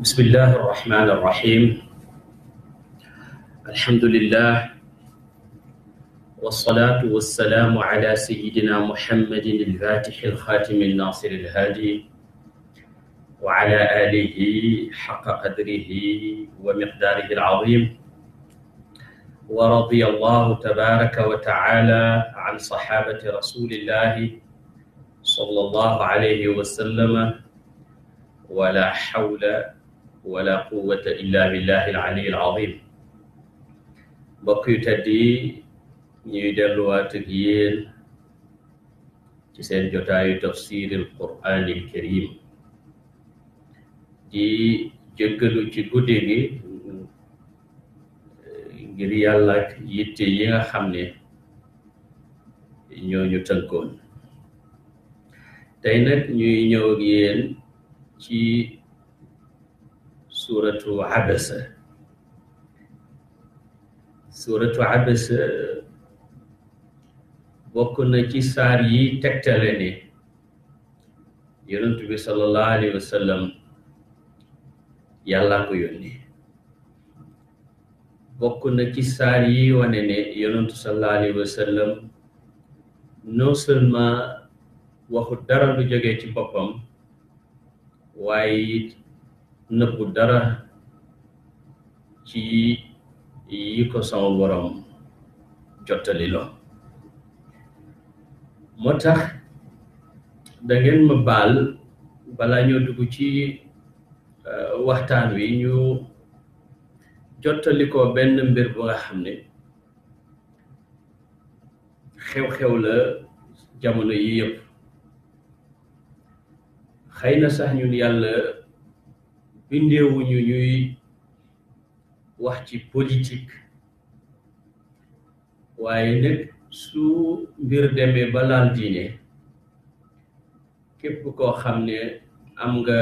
بسم الله الرحمن الرحيم الحمد لله والصلاة والسلام على سيدنا محمد الفاتح الخاتم الناصر الهادي وعلى آله حق قدره ومقداره العظيم ورضي الله تبارك وتعالى عن صحابة رسول الله صلى الله عليه وسلم ولا حول wala quwwata illa billahi al-ali al-azim mbokk yu tedd yi ñuy delluwaat ak yéen ci seen jotaayu tafsir al-qur'an al-karim di jëggalu ci guddi gi ngir yàlla ak yitte yi nga xam ne ñooñu tënkoon tey nag ñuy ñëw ak ci suuratu abasa suuratu abasa bokk na ci saar yi tegtale ne yonent bi sallallahu alayhi wa sallam yàllaa ko bokk na ci saar yi wane ne yonent sallallahu alayhi wa sallam waxu dara lu jógee ci boppam waaye it nëbbu dara ci yi ko sama borom jottali loo moo tax da ma baal balaa ñoo dugg ci euh, waxtaan wi ñu jottali benn mbir bu nga xam ne xew-xew la jamono yi yëpp xëy na sax ñun yàlla bindeewuñu ñuy wax ci politique waaye nag su mbir demee ba laal diine képp koo xam ne am nga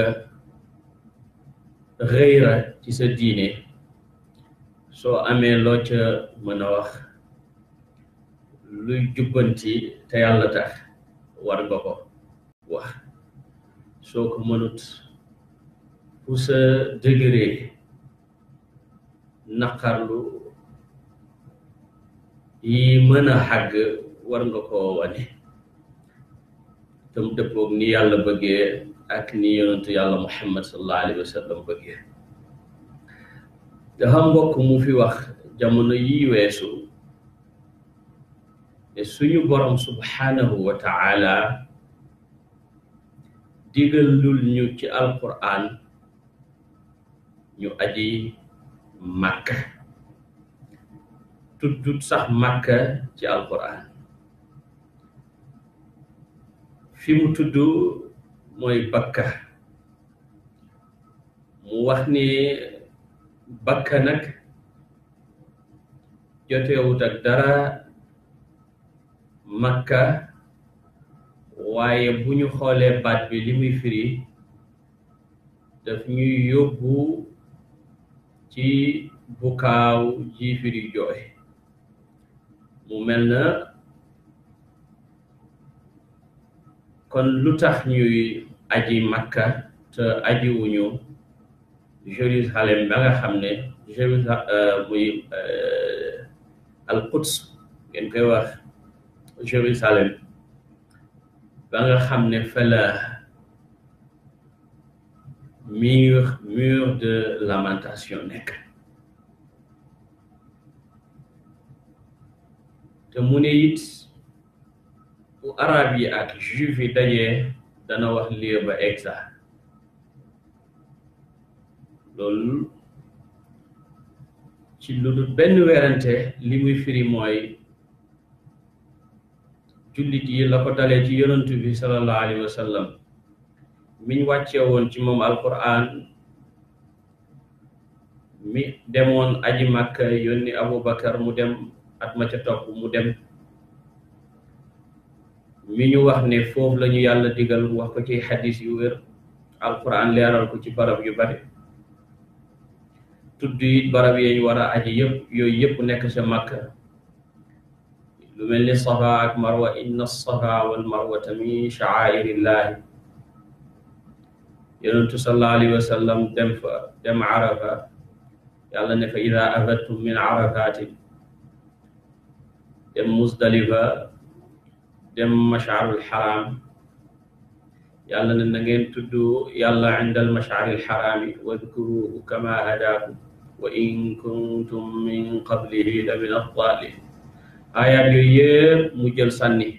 xëyra ci sa diine soo amee loo ca mën a wax luy jubbanti te yàlla tax war nga ko wax soo ko mënut ku sa naqarlu yi mën a xàgg war nga koo wane tam dëppoog ni yàlla bëggee ak ni yonentu yàlla muhammad sallallahu alayhi wa sallam bëggee mu fi wax jamono yi weesu te suñu borom subhanahu wa taala digal lul ñu ci alquran ñu aji màkka tuddut sax màkka ci alquran fi mu tudd mooy bakka mu wax ni bakka nag jotewut ak dara màkka waaye bu ñu xoolee baat bi li muy firi daf ñuy yóbbu ci bukaaw ji firi mu mel na kon lu tax ñuy aji makka te aji wuñu Jérusalem ba nga xam ne Jérusalem euh, muy euh, al koy wax Jérusalem ba nga xam ne fela mur mur de lamentation nekk te mu ne it bu arab yi ak juif yi dajee dana wax lieu ba exact loolu ci lu dul benn werante li muy firi mooy jullit yi la ko dalee ci yonantu bi sallallahu alayhi wa miñ wàcce woon ci moom alquran mi demoon aji màkka yónni abubakar mu dem at ma ca topp mu dem mi ñu wax ne foofu lañu yàlla digal wax ko ci xadis yu wér alquran leeral ko ci barab yu bari tudd it barab yeñ war aji yëpp yooyu yëpp nekk ca màkka lu mel ni safa ak marwa inna safa wal marwata min sha'airillahi yonentu sallallahu alayhi wa sallam dem fa dem arafa yàlla ne ko ida afattum min arafatin dem musdalifa dem masharul xaraam yàlla ne na ngeen tudd yàlla inda al masharil xaraami wadkuruhu kama hadaakum wa in kuntum min qablihi la min adaalin aayaat yooyu yëpp mu jël sànni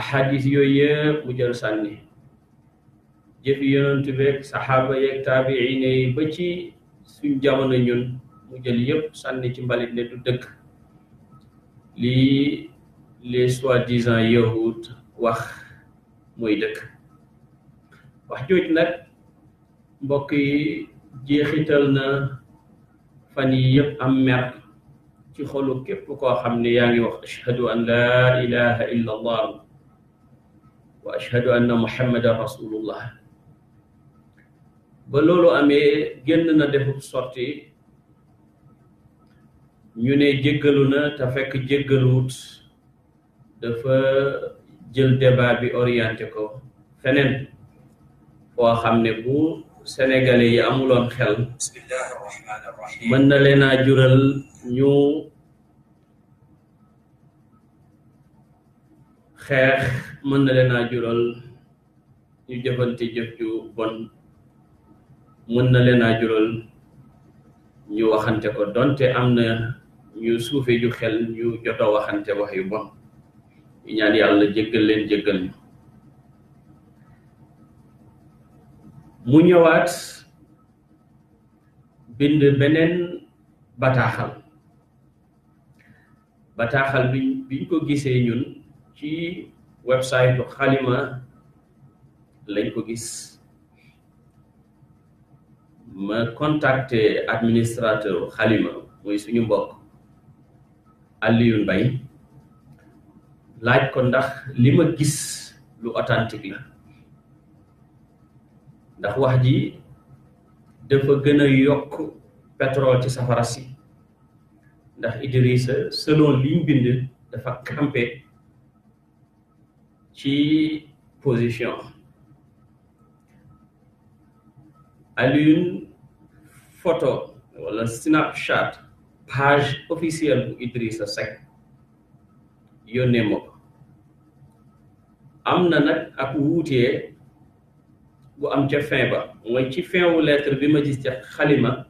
ahadis yooyu yëpp mu jël sànni jëfi yonent beeg saxaaba yeeg taabiine yi ba ci suñ jamono ñun mu jël yëpp sànni ci mbalit ne du dëkk lii les soit disant yahud wax mooy dëkk wax jooj nag mbokk yi jeexital na fan yi yëpp am mer ci xolu képp koo xam ne yaa ngi wax ashhadu an laa ilaha illa allah wa ashhadu anna muhammadan rasulullah ba loolu amee génn na defub sorti ñu ne jéggalu na te fekk jéggaluwut dafa jël débat bi orienté ko feneen foo xam ne bu sénégalais yi amuloon xel mën na leena jural ñu xeex mën na leen jural ñu jëfante jëf ju bon mën na leen a ñu waxante ko donte am na ñu suufe ju xel ñu jota waxante wax yu bon ñu ñaan yàlla jéggal leen jéggal ñu mu ñëwaat bind beneen bataaxal bataaxal bi biñ ko gisee ñun ci website bu xalima lañ ko gis ma contacter administrateur xalima muy suñu mbokk Alioune Mbaye laaj ko ndax li ma gis lu authentique la ndax wax ji dafa gën a yokk pétrole ci safara si ndax Idrissa selon liñ bind dafa campé ci position Alioune photo wala Snapchat page officielle bu Idrissa Seck yónnee ma ko am na nag ak wuutee bu am ca fin ba mooy ci fin wu bi ma gis ca xalima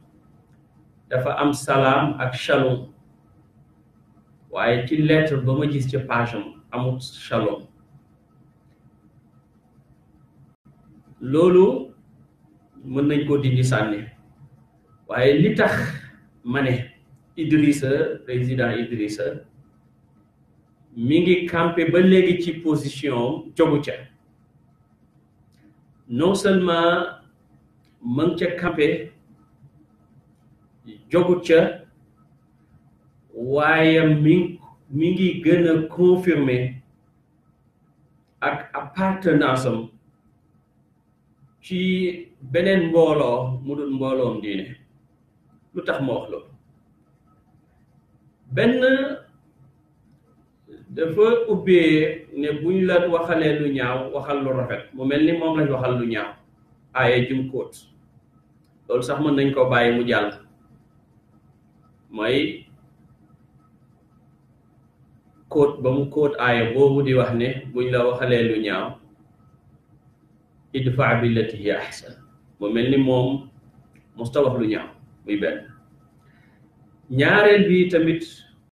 dafa am salaam ak shalom waaye ci lettre ba ma gis ca page amut shalom loolu mën nañ koo dindi sànni waaye li tax ma ne Idrissa président Idrissa mi ngi campé ba léegi ci position jogu ca non seulement mën ca campé jogu ca waaye mi mi ngi gën a confirmer ak appartenance am ci beneen mbooloo mu dul mbooloom diine lu tax ma wax loolu benn dafa ubbee ne ñu la waxalee lu ñaaw waxal lu rafet mu mel ni moom lañ waxal lu ñaaw aaye jum kóot loolu sax mën nañ koo bàyyi mu jàll mooy kóot ba mu kóot aaya boobu di wax ne buñ la waxalee lu ñaaw idfa billati hi ahsan ba mel ni moom mosta lu ñaaw muy benn ñaareel bi tamit